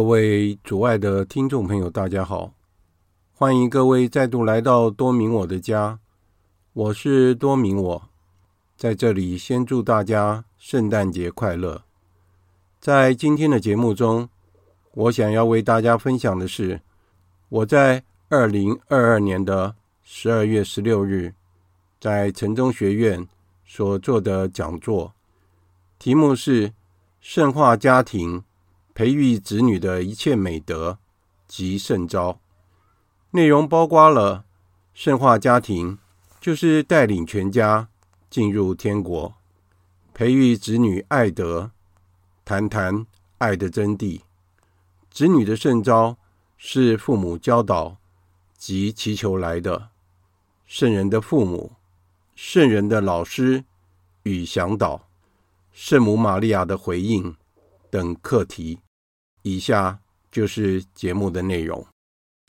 各位主愛的聽眾朋友，大家好！歡迎各位再度來到多明我的家，我是多明我，在這裡先祝大家聖誕節快樂。在今天的節目中，我想要為大家分享的是我在二零二二年的十二月十六日，在城中學苑所做的講座，題目是《聖化家庭》。培育子女的一切美德及聖召。內容包括了聖化家庭，就是帶領全家進入天國，培育子女愛德，談談愛的真諦。子女的聖召是父母教導及祈求來的，聖人的父母、聖人的老師與嚮導、聖母瑪利亞的回應、等課題，以下就是節目的內容。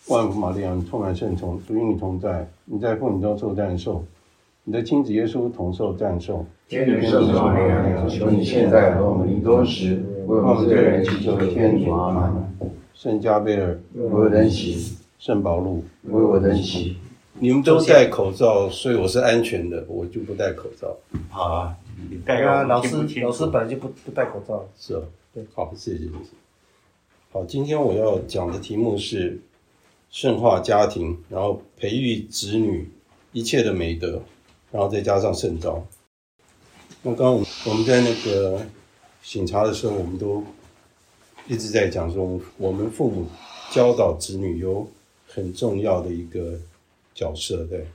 萬福瑪利亞，充滿聖寵，主與你同在。你在父、你都受讚頌，你的親子耶穌同受讚頌。天主聖母瑪利亞，求你現在和我們臨終時，為我們罪人祈求天主。聖加貝爾，為我們祈；聖保祿，為我們祈。你們都戴口罩，所以我是安全的，我就不戴口罩。好啊，你戴老師老師本來就不不戴口罩，是。好，謝謝，謝謝。好，今天我要講的題目是：聖化家庭，然後培育子女一切的美德，然後再加上聖召。那剛剛我們我們在那個醒茶的時候，我們都一直在講說，我們父母教導子女有很重要的一個角色，對，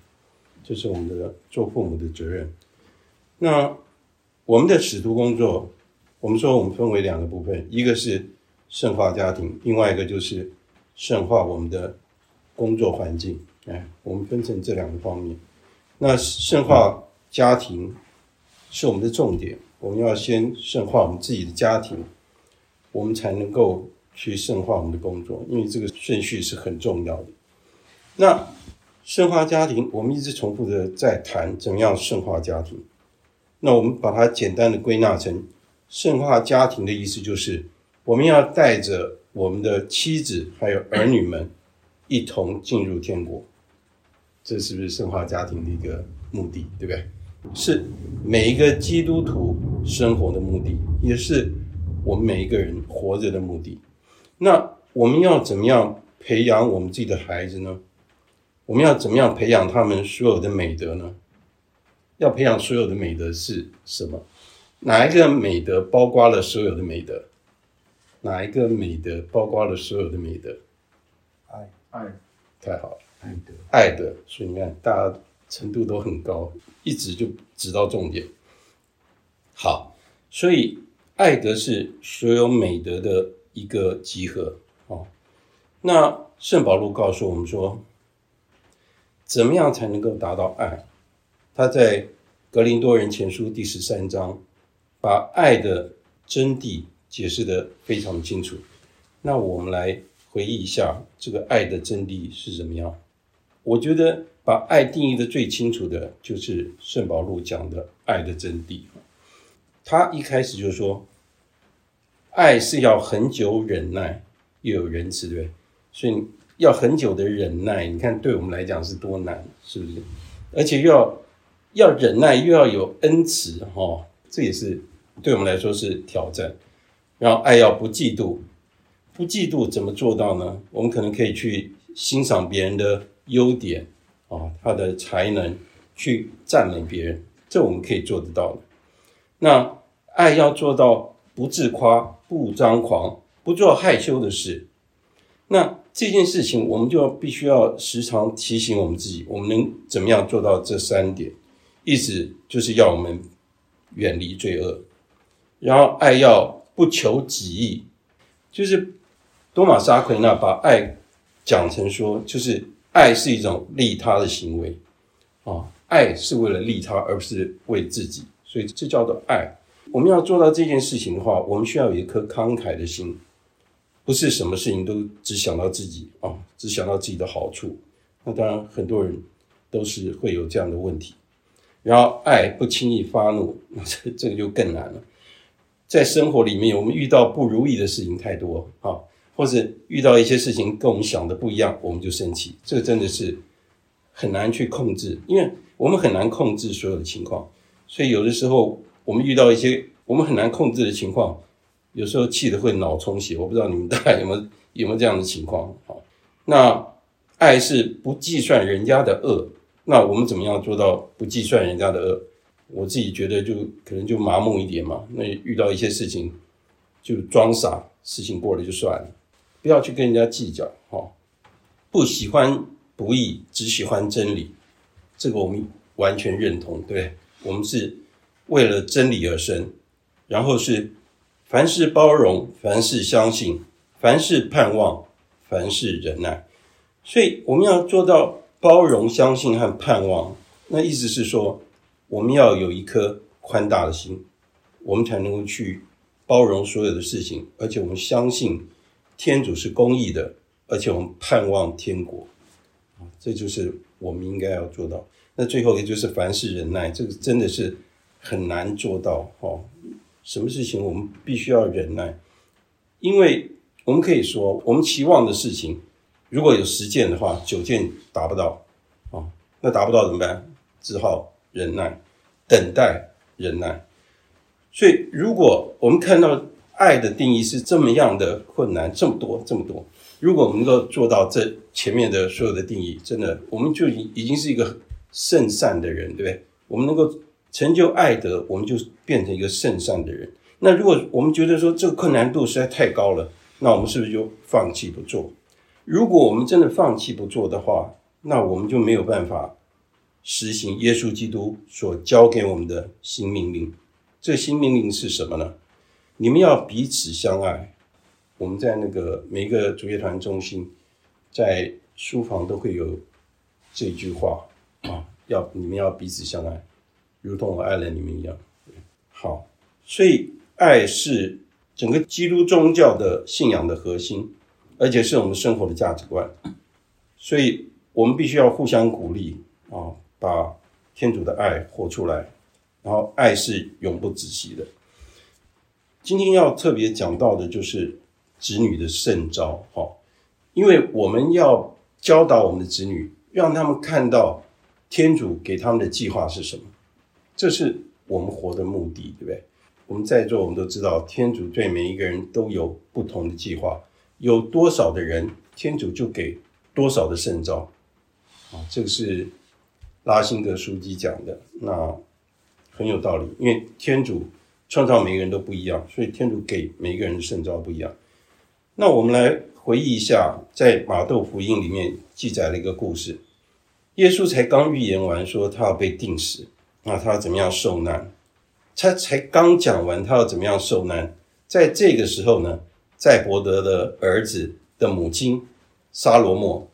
這，就是我們的做父母的責任。那我們的使徒工作。我們說，我們分為兩個部分，一個是聖化家庭，另外一個就是聖化我們的工作環境。哎，我們分成這兩個方面。那聖化家庭是我們的重點，我們要先聖化我們自己的家庭，我們才能夠去聖化我們的工作，因為這個順序是很重要的。那聖化家庭，我們一直重複的在談怎麼樣聖化家庭。那我們把它簡單的歸納成。聖化家庭的意思就是，我們要帶着我們的妻子還有兒女們一同進入天國，這是不是聖化家庭的一個目的？對不對？是每一個基督徒生活的目的，也是我們每一個人活着的目的。那我們要怎麼樣培養我們自己的孩子呢？我們要怎麼樣培養他們所有的美德呢？要培養所有的美德是什麼？哪一個美德包括了所有的美德？哪一個美德包括了所有的美德？愛，愛，太好了，愛德，愛德。所以你看，大家程度都很高，一直就直到重點。好，所以愛德是所有美德的一個集合。哦，那聖保祿告訴我們說，怎麼樣才能夠達到愛？他在格林多人前書第十三章。把愛的真諦解釋得非常清楚。那我們來回憶一下，這個愛的真諦是怎麼樣？我覺得把愛定義得最清楚的就是聖保祿講的愛的真諦。他一開始就說，愛是要恆久忍耐，又有仁慈對，對，所以要恆久的忍耐，你看對我們來講是多難，是不是？而且又要要忍耐，又要有恩慈，哈、哦，這也是。對我們來說是挑戰。然後，愛要不嫉妒，不嫉妒怎麼做到呢？我們可能可以去欣賞別人的優點啊、哦，他的才能，去讚美別人，這我們可以做得到的。那愛要做到不自誇、不張狂、不做害羞的事，那這件事情我們就必須要時常提醒我們自己，我們能怎麼樣做到這三點？意思就是要我們遠離罪惡。然後愛要不求己益，就是多瑪斯阿奎那把愛講成說，就是愛是一種利他的行為啊，愛是為了利他，而不是為自己，所以這叫做愛。我們要做到這件事情的話，我們需要有一顆慷慨的心，不是什麼事情都只想到自己啊，只想到自己的好處。那當然很多人都是會有這樣的問題。然後愛不輕易發怒，那這這個就更難了。在生活裡面，我們遇到不如意的事情太多啊，或者遇到一些事情跟我們想的不一樣，我們就生氣。這個真的是很難去控制，因為我們很難控制所有的情況。所以有的時候我們遇到一些我們很難控制的情況，有時候氣得會腦充血。我不知道你們大概有沒有，有沒有這樣的情況？好，啊，那愛是不計算人家的惡，那我們怎麼樣做到不計算人家的惡？我自己覺得就可能就麻木一點嘛，那遇到一些事情就裝傻，事情過了就算了，不要去跟人家計較哈、哦。不喜歡不義，只喜歡真理，這個我們完全認同，對,對？我們是為了真理而生，然後是凡事包容，凡事相信，凡事盼望，凡事忍耐。所以我們要做到包容、相信和盼望。那意思是說。我們要有一顆寬大的心，我們才能夠去包容所有的事情，而且我們相信天主是公義的，而且我們盼望天國，這就是我們應該要做到。那最後一個就是凡事忍耐，這個真的是很難做到哦。什麼事情我們必須要忍耐？因為我們可以說，我們期望的事情，如果有十件的話，九件達不到啊，哦，那達不到怎麼辦？只好。忍耐，等待，忍耐。所以，如果我們看到愛的定義是這麼樣的困難，這麼多，這麼多，如果我們能夠做到這前面的所有的定義，真的，我們就已已經是一個聖善的人，對不對？我們能夠成就愛德，我們就變成一個聖善的人。那如果我們覺得說這個困難度實在太高了，那我們是不是就放棄不做？如果我們真的放棄不做的話，那我們就沒有辦法。實行耶穌基督所教給我們的新命令，這新命令是什麼呢？你們要彼此相愛。我們在那個每一個主樂團中心，在書房都會有這句話啊，要你們要彼此相愛，如同我愛了你們一樣。好，所以愛是整個基督宗教的信仰的核心，而且是我們生活的價值觀。所以我們必須要互相鼓勵啊。把天主的愛活出來，然後愛是永不止息的。今天要特別講到的就是子女的聖召。哈、哦，因為我們要教導我們的子女，讓他們看到天主給他們的計劃是什麼，這是我們活的目的，對不對？我們在座，我們都知道天主對每一個人都有不同的計劃，有多少的人，天主就給多少的聖召。啊、哦，這個是。拉辛格樞機講的那很有道理，因為天主創造每個人都不一樣，所以天主給每個人的聖召不一樣。那我們來回憶一下，在馬竇福音裡面記載了一個故事：耶穌才剛預言完說他要被釘死，那他要怎麼樣受難？他才剛講完他要怎麼樣受難，在這個時候呢，載伯德的兒子的母親沙羅莫，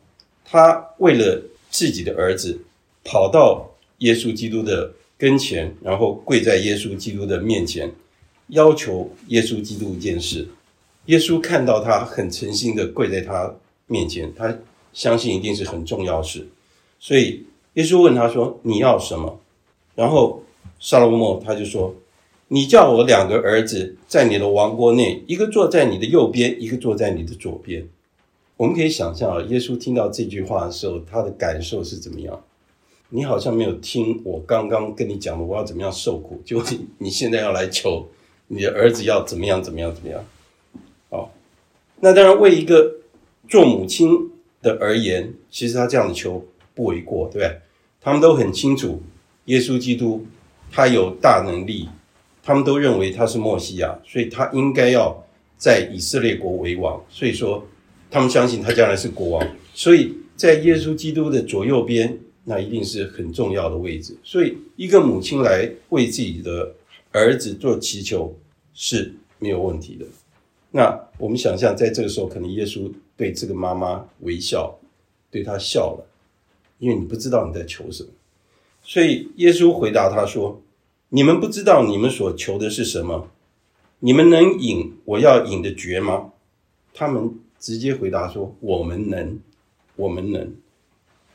他為了自己的兒子。跑到耶穌基督的跟前，然後跪在耶穌基督的面前，要求耶穌基督一件事。耶穌看到他很誠心的跪在他面前，他相信一定是很重要的事，所以耶穌問他說：“你要什麼？”然後撒羅莫他就說：“你叫我兩個兒子在你的王國內，一個坐在你的右邊，一個坐在你的左邊。”我們可以想象啊，耶穌聽到這句話的時候，他的感受是怎麼樣？你好像沒有聽我剛剛跟你講的，我要怎麼樣受苦？就你現在要來求你的兒子要怎麼樣？怎麼樣？怎麼樣？好，那當然，為一個做母親的而言，其實他這樣的求不為過，對不對？他們都很清楚，耶穌基督他有大能力，他們都認為他是默西亞，所以他應該要在以色列國為王。所以說，他們相信他將來是國王，所以在耶穌基督的左右邊。那一定是很重要的位置，所以一個母親來為自己的兒子做祈求是沒有問題的。那我們想象，在這個時候，可能耶穌對這個媽媽微笑，對她笑了，因為你不知道你在求什麼，所以耶穌回答他說：“你們不知道你們所求的是什麼，你們能飲我要飲的爵嗎？”他們直接回答說：“我們能，我們能。”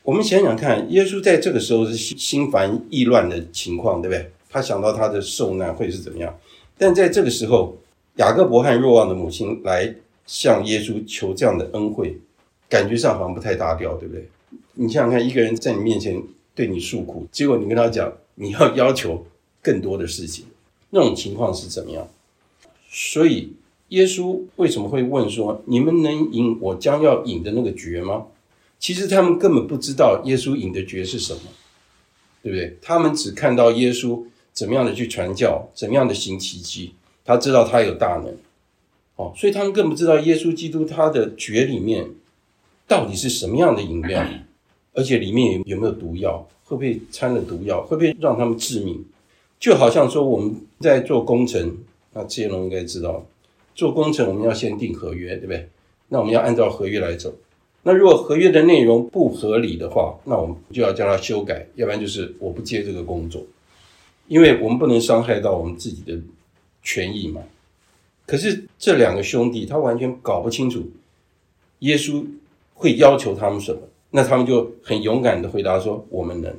我們想想看，耶穌在這個時候是心煩意亂的情況，對不對？他想到他的受難會是怎麼樣。但在這個時候，雅各伯和若望的母親來向耶穌求這樣的恩惠，感覺上好像不太搭調，對不對？你想想看，一個人在你面前對你訴苦，結果你跟他講你要要求更多的事情，那種情況是怎麼樣？所以耶穌為什麼會問說：“你們能飲我將要飲的那個爵嗎？”其實他們根本不知道耶穌飲的爵是什麼，對不對？他們只看到耶穌怎麼樣的去傳教，怎麼樣的行奇蹟，他知道他有大能，哦，所以他們更不知道耶穌基督他的爵裡面到底是什麼樣的飲料，而且裡面有沒有毒藥，會不會摻了毒藥，會不會讓他們致命？就好像說我們在做工程，那這些人應該知道，做工程我們要先訂合約，對不對？那我們要按照合約來走。那如果合約的內容不合理的話，那我們就要叫他修改，要不然就是我不接這個工作，因為我們不能傷害到我們自己的權益嘛。可是這兩個兄弟他完全搞不清楚耶穌會要求他們什麼，那他們就很勇敢地回答說：“我們能。”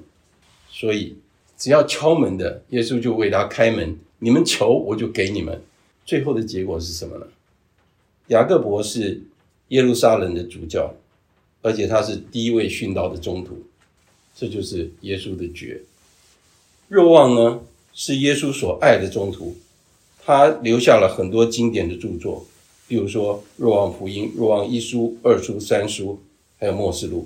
所以只要敲門的，耶穌就為他開門。你們求，我就給你們。最後的結果是什麼呢？雅各伯是耶路撒冷的主教。而且他是第一位殉道的宗徒，這就是耶穌的絕。若望呢，是耶穌所愛的宗徒，他留下了很多經典的著作，比如說《若望福音》、《若望一書》、《二書》、《三書》，還有《默示錄》。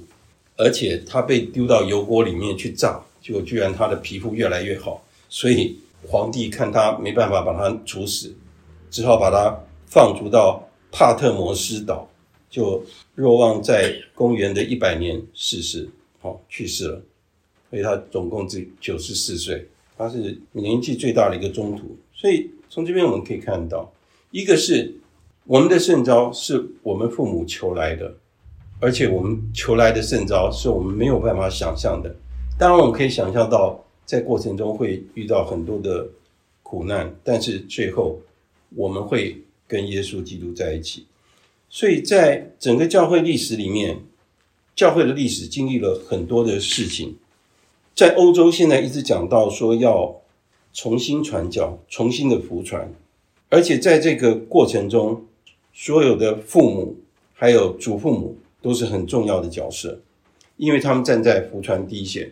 而且他被丟到油鍋裡面去炸，結果居然他的皮膚越來越好，所以皇帝看他沒辦法把他處死，只好把他放逐到帕特摩斯島。就若望在公元的一百年逝世,世，好、哦、去世了，所以他總共只九十四歲，他是年紀最大的一個宗徒，所以從這邊我們可以看到，一個是我們的聖召是我們父母求來的，而且我們求來的聖召是我們沒有辦法想象的。當然，我們可以想象到在過程中會遇到很多的苦難，但是最後我們會跟耶穌基督在一起。所以在整個教會歷史裡面，教會的歷史經歷了很多的事情。在歐洲現在一直講到說要重新傳教、重新的福傳，而且在這個過程中，所有的父母還有祖父母都是很重要的角色，因為他們站在福傳第一線。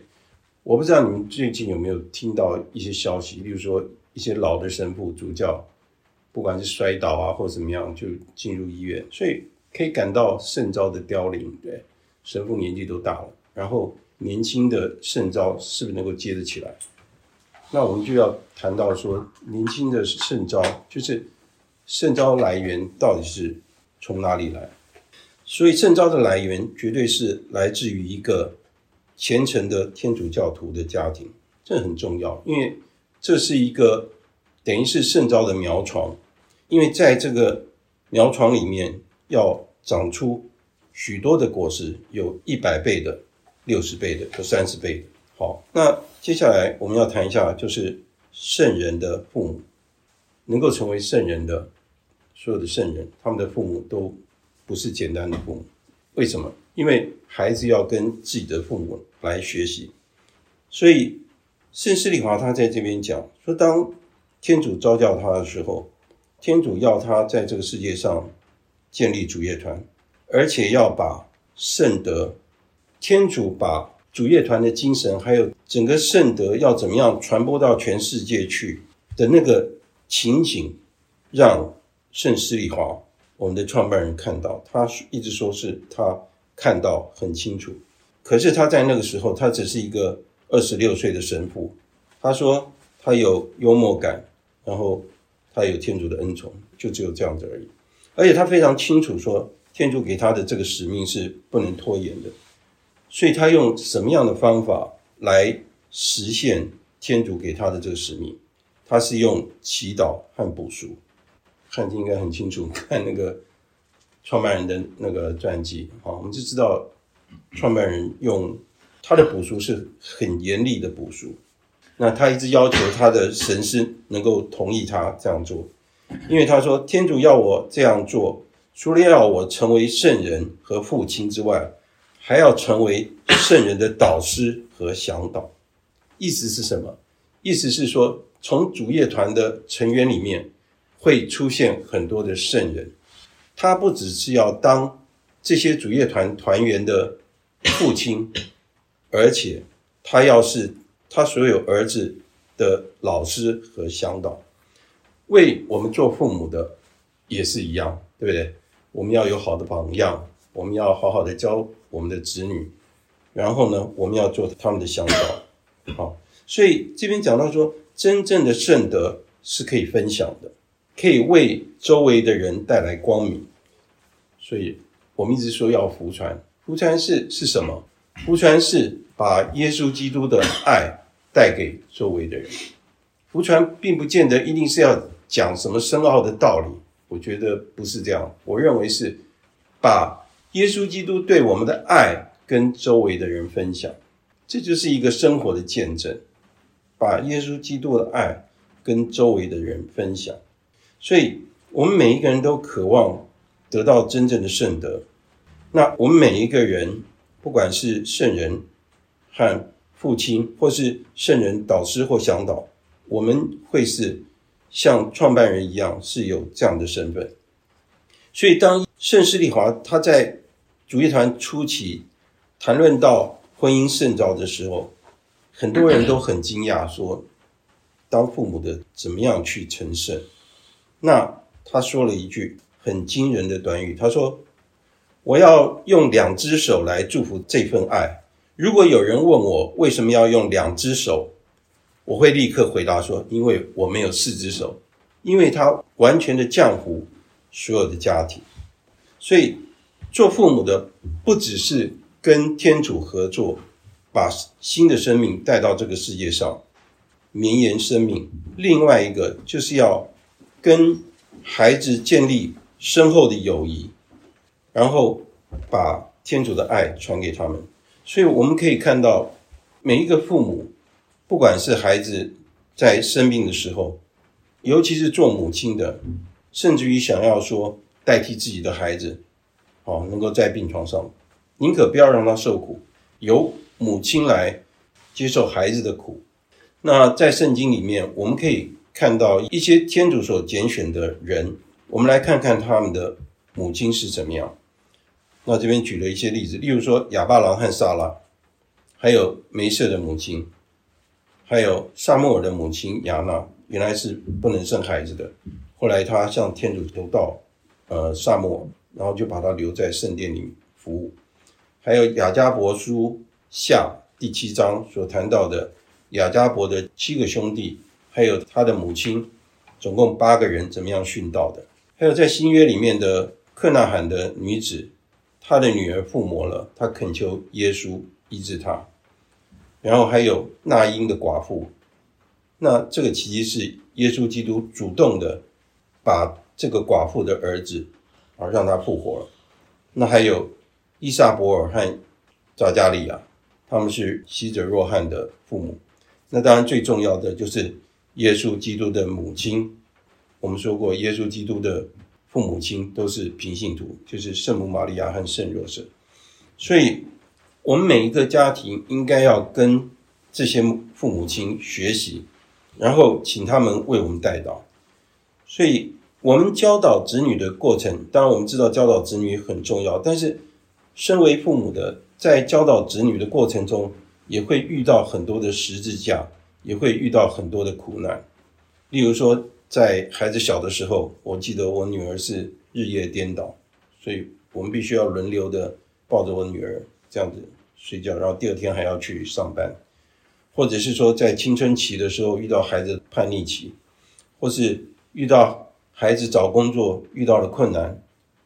我不知道你們最近有沒有聽到一些消息，比如說一些老的神父主教。不管是摔倒啊，或者怎麼樣，就進入醫院，所以可以感到聖召的凋零。對，神父年紀都大了，然後年輕的聖召是不是能夠接得起來？那我們就要談到說，年輕的聖召就是聖召來源到底是從哪裡來？所以聖召的來源絕對是來自於一個虔誠的天主教徒的家庭，這很重要，因為這是一個等於是聖召的苗床。因為在這個苗床裡面，要長出許多的果實，有一百倍的、六十倍的、有三十倍的。好，那接下來我們要談一下，就是聖人的父母能夠成為聖人的，所有的聖人，他們的父母都不是簡單的父母。為什麼？因為孩子要跟自己的父母來學習，所以聖施禮華他在這邊講說，當天主召叫他的時候。天主要他在這個世界上建立主業團，而且要把聖德，天主把主業團的精神，還有整個聖德要怎麼樣傳播到全世界去的那個情景，讓聖施禮華我們的創辦人看到，他一直說是他看到很清楚，可是他在那個時候，他只是一個二十六歲的神父，他說他有幽默感，然後。他有天主的恩寵，就只有這樣子而已。而且他非常清楚說，天主給他的這個使命是不能拖延的。所以他用什麼樣的方法來實現天主給他的這個使命？他是用祈禱和補贖。看，應該很清楚，看那個創辦人的那個傳記，好，我們就知道創辦人用他的補贖是很嚴厲的補贖。那他一直要求他的神師能夠同意他這樣做，因為他說天主要我這樣做，除了要我成為聖人和父親之外，還要成為聖人的導師和向導。意思是什麼？意思是說，從主業團的成員裡面會出現很多的聖人。他不只是要當這些主業團團員的父親，而且他要是。他所有兒子的老師和向導，為我們做父母的也是一樣，對不對？我們要有好的榜樣，我們要好好的教我們的子女，然後呢，我們要做他們的向導。好，所以這邊講到說，真正的聖德是可以分享的，可以為周圍的人帶來光明。所以，我們一直說要福傳，福傳是是什麼？福傳是把耶穌基督的愛。帶給周圍的人，福傳並不見得一定是要講什麼深奧的道理，我覺得不是這樣。我認為是把耶穌基督對我們的愛跟周圍的人分享，這就是一個生活的見證。把耶穌基督的愛跟周圍的人分享，所以我們每一個人都渴望得到真正的聖德。那我們每一個人，不管是聖人和。父親，或是聖人、導師或向導，我們會是像創辦人一樣，是有這樣的身份。所以，當聖施禮華他在主業團初期談論到婚姻聖召的時候，很多人都很驚訝，說：“當父母的怎麼樣去成聖？”那他說了一句很驚人的短語，他說：“我要用兩只手來祝福這份愛。”如果有人問我為什麼要用兩只手，我會立刻回答說：因為我沒有四只手，因為它完全的降福所有的家庭。所以，做父母的不只是跟天主合作，把新的生命帶到這個世界上，綿延生命；另外一個就是要跟孩子建立深厚的友誼，然後把天主的愛傳給他們。所以我們可以看到，每一個父母，不管是孩子在生病的時候，尤其是做母親的，甚至於想要說代替自己的孩子，好能夠在病床上，寧可不要讓他受苦，由母親來接受孩子的苦。那在聖經裡面，我們可以看到一些天主所揀選的人，我們來看看他們的母親是怎麼樣。那這邊舉了一些例子，例如說亞巴郎和薩拉，還有梅瑟的母親，還有薩莫爾的母親亞娜，原來是不能生孩子的，後來她向天主求到，呃，薩莫，然後就把他留在聖殿裡服務。還有雅加伯書下第七章所談到的雅加伯的七個兄弟，還有他的母親，總共八個人怎麼樣殉道的？還有在新約裡面的克納罕的女子。他的女兒附魔了，他懇求耶穌醫治他。然後還有納因的寡婦，那這個奇蹟是耶穌基督主動的把這個寡婦的兒子啊讓他復活了。那還有依撒伯爾和匝加利亞，他們是洗者若翰的父母。那當然最重要的就是耶穌基督的母親。我們說過耶穌基督的。父母親都是平信徒，就是聖母瑪利亞和聖若瑟，所以我們每一個家庭應該要跟這些父母親學習，然後請他們為我們代禱。所以，我們教導子女的過程，當然我們知道教導子女很重要，但是身為父母的，在教導子女的過程中，也會遇到很多的十字架，也會遇到很多的苦難，例如說在孩子小的時候，我記得我女兒是日夜顛倒，所以我們必須要輪流的抱着我女兒這樣子睡覺，然後第二天還要去上班，或者是說在青春期的時候遇到孩子叛逆期，或是遇到孩子找工作遇到了困難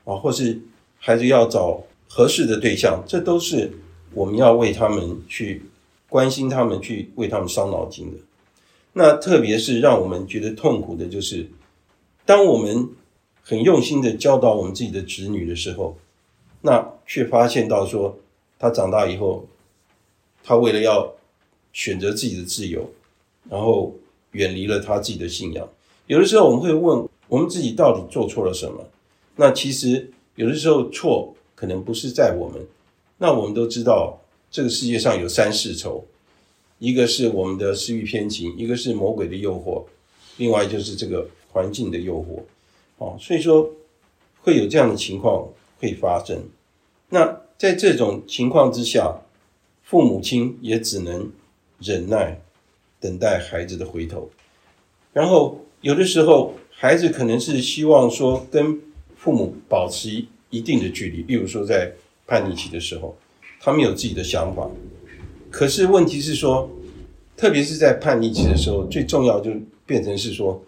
啊，或是孩子要找合適的對象，這都是我們要為他們去關心他們，去為他們傷腦筋的。那特別是讓我們覺得痛苦的，就是當我們很用心的教導我們自己的子女的時候，那卻發現到說，他長大以後，他為了要選擇自己的自由，然後遠離了他自己的信仰。有的時候我們會問我們自己到底做錯了什麼？那其實有的時候錯可能不是在我們。那我們都知道這個世界上有三世仇。一個是我們的私欲偏情，一個是魔鬼的誘惑，另外就是這個環境的誘惑，哦，所以說會有這樣的情況會發生。那在這種情況之下，父母親也只能忍耐，等待孩子的回頭。然後有的時候，孩子可能是希望說跟父母保持一定的距離，比如說在叛逆期的時候，他們有自己的想法。可是問題是說，特別是在叛逆期的時候，最重要就變成是說，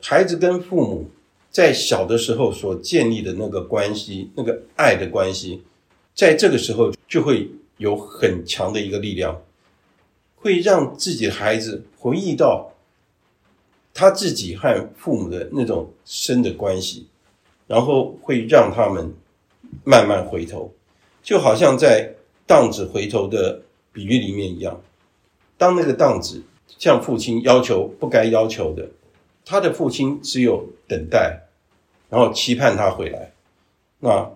孩子跟父母在小的時候所建立的那個關係，那個愛的關係，在這個時候就會有很強的一個力量，會讓自己的孩子回憶到他自己和父母的那種深的關係，然後會讓他們慢慢回頭，就好像在浪子回頭的。比喻裡面一樣，當那個蕩子向父親要求不該要求的，他的父親只有等待，然後期盼他回來。那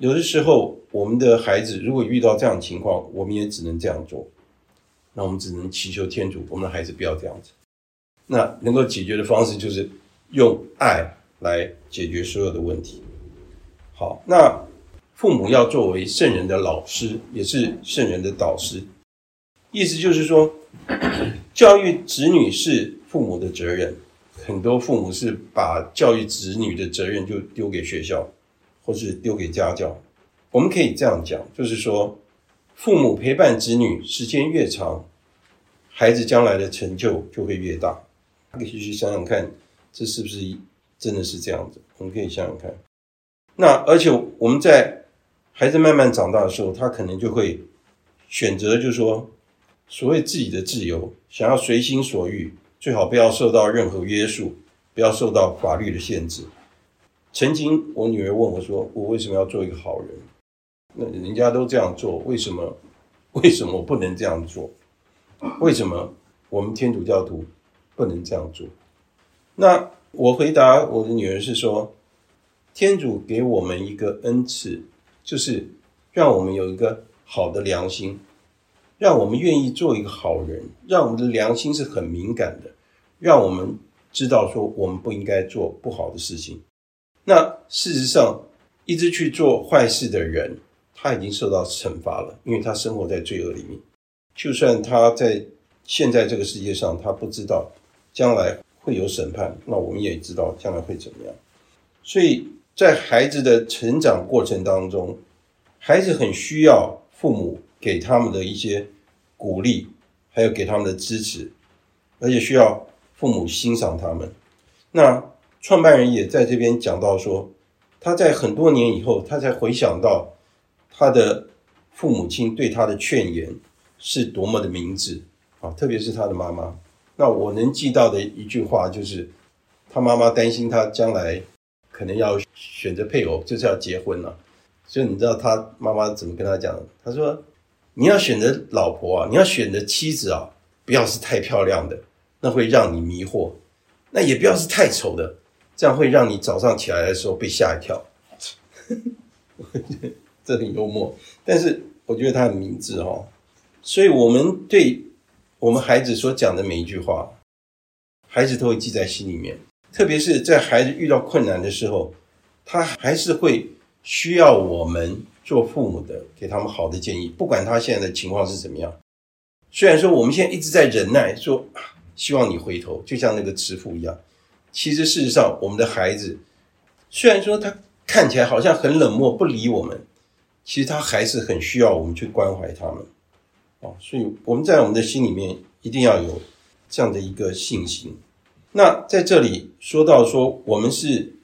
有的時候，我們的孩子如果遇到這樣的情況，我們也只能這樣做。那我們只能祈求天主，我們的孩子不要這樣子。那能夠解決的方式就是用愛來解決所有的問題。好，那父母要作為聖人的老師，也是聖人的導師。意思就是說呵呵，教育子女是父母的責任。很多父母是把教育子女的責任就丟給學校，或是丟給家教。我們可以這樣講，就是說，父母陪伴子女時間越長，孩子將來的成就就會越大。可以去想想看，這是不是真的是這樣子？我們可以想想看。那而且我們在孩子慢慢長大的時候，他可能就會選擇，就是說。所謂自己的自由，想要隨心所欲，最好不要受到任何約束，不要受到法律的限制。曾經我女兒問我說：“我為什麼要做一個好人？那人家都這樣做，為什麼？為什麼我不能這樣做？為什麼我們天主教徒不能這樣做？”那我回答我的女兒是說：“天主給我們一個恩賜，就是讓我們有一個好的良心。”讓我們願意做一個好人，讓我們的良心是很敏感的，讓我們知道說我們不應該做不好的事情。那事實上，一直去做壞事的人，他已經受到懲罰了，因為他生活在罪惡裡面。就算他在現在這個世界上，他不知道將來會有審判，那我們也知道將來會怎麼樣。所以在孩子的成長過程當中，孩子很需要父母。給他們的一些鼓勵，還有給他們的支持，而且需要父母欣賞他們。那創辦人也在這邊講到說，他在很多年以後，他才回想到他的父母親對他的勸言是多麼的明智啊，特別是他的媽媽。那我能記到的一句話就是，他媽媽擔心他將來可能要選擇配偶，就是要結婚了。所以你知道他媽媽怎麼跟他講？他說，你要選擇老婆啊，你要選擇妻子啊，不要是太漂亮的，那會讓你迷惑；那也不要是太醜的，這樣會讓你早上起來的時候被嚇一跳。 這很幽默，但是我覺得他很明智哦。所以，我們對我們孩子所講的每一句話，孩子都會記在心裡面。特別是在孩子遇到困難的時候，他還是會需要我們。做父母的給他們好的建議，不管他現在的情況是怎麼樣。雖然說我們現在一直在忍耐，說希望你回頭，就像那個慈父一樣。其實事實上，我們的孩子雖然說他看起來好像很冷漠，不理我們，其實他還是很需要我們去關懷他們。哦，所以我們在我們的心裡面一定要有這樣的一個信心。那在這裡說到說，我們是。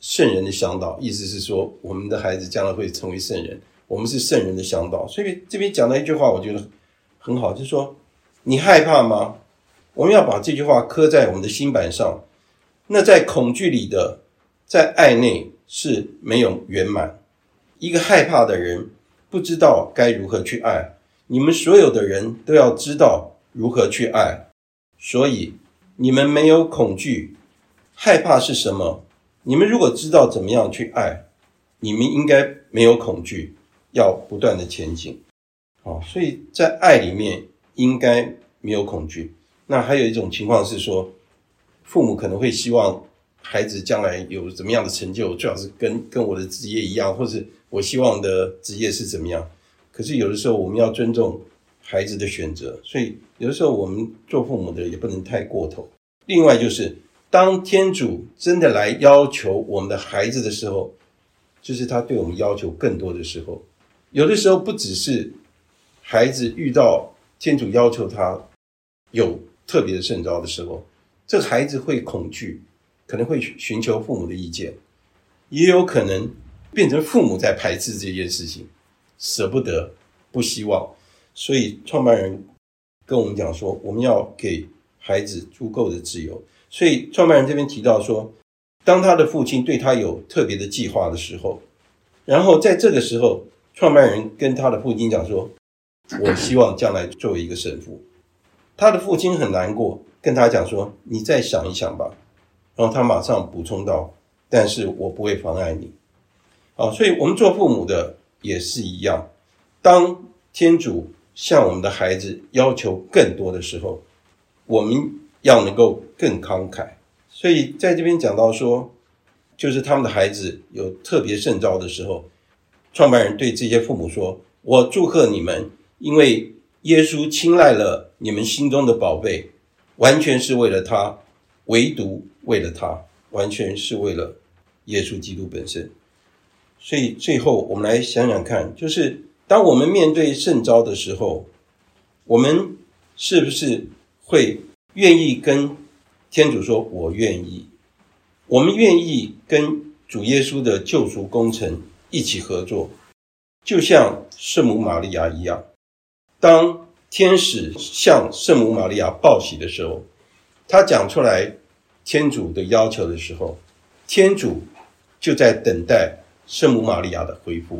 聖人的嚮導，意思是說，我們的孩子將來會成為聖人。我們是聖人的嚮導，所以這邊講到一句話，我覺得很好，就是說，你害怕嗎？我們要把這句話刻在我們的心板上。那在恐懼裡的，在愛內是沒有圓滿。一個害怕的人，不知道該如何去愛。你們所有的人都要知道如何去愛。所以，你們沒有恐懼，害怕是什麼？你們如果知道怎麼樣去愛，你們應該沒有恐懼，要不斷的前進。哦，所以在愛裡面應該沒有恐懼。那還有一種情況是說，父母可能會希望孩子將來有怎麼樣的成就，最好是跟跟我的職業一樣，或是我希望的職業是怎麼樣。可是有的時候我們要尊重孩子的選擇，所以有的時候我們做父母的也不能太過頭。另外就是。當天主真的來要求我們的孩子的時候，就是他對我們要求更多的時候。有的時候不只是孩子遇到天主要求他有特別的聖召的時候，這個、孩子會恐懼，可能會尋求父母的意見，也有可能變成父母在排斥這件事情，捨不得，不希望。所以創辦人跟我們講說，我們要給孩子足夠的自由。所以，創辦人這邊提到說，當他的父親對他有特別的計劃的時候，然後在這個時候，創辦人跟他的父親講說：“我希望將來作為一個神父。”他的父親很難過，跟他講說：“你再想一想吧。”然後他馬上補充道：“但是我不會妨礙你。”啊，所以我們做父母的也是一樣，當天主向我們的孩子要求更多的時候，我們。要能夠更慷慨，所以在這邊講到說，就是他們的孩子有特別聖召的時候，創辦人對這些父母說：“我祝賀你們，因為耶穌青睞了你們心中的寶貝，完全是為了他，唯獨為了他，完全是為了耶穌基督本身。”所以最後我們來想想看，就是當我們面對聖召的時候，我們是不是會，願意跟天主說“我願意”，我們願意跟主耶穌的救贖工程一起合作，就像聖母瑪利亞一樣。當天使向聖母瑪利亞報喜的時候，他講出來天主的要求的時候，天主就在等待聖母瑪利亞的回覆。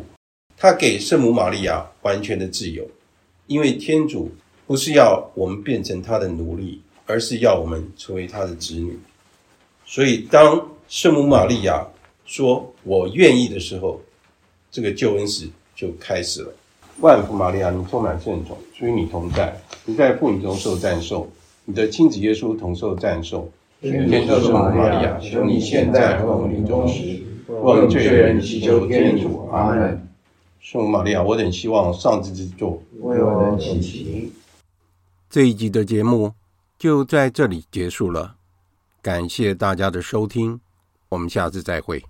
他給聖母瑪利亞完全的自由，因為天主不是要我們變成他的奴隸。而是要我們成為他的子女，所以當聖母瑪利亞說我願意的時候，這個救恩史就開始了。萬福瑪利亞，你充滿聖寵，與你同在，你在婦女中受讚頌，你的親子耶穌同受讚頌。天主聖母瑪利亞，求你現在和我們臨終時，為我們這些人祈求天主啊聖母瑪利亞，我真希望上帝去做，為我們祈求。這一集的節目。就在這裡結束了，感謝大家的收聽，我們下次再會。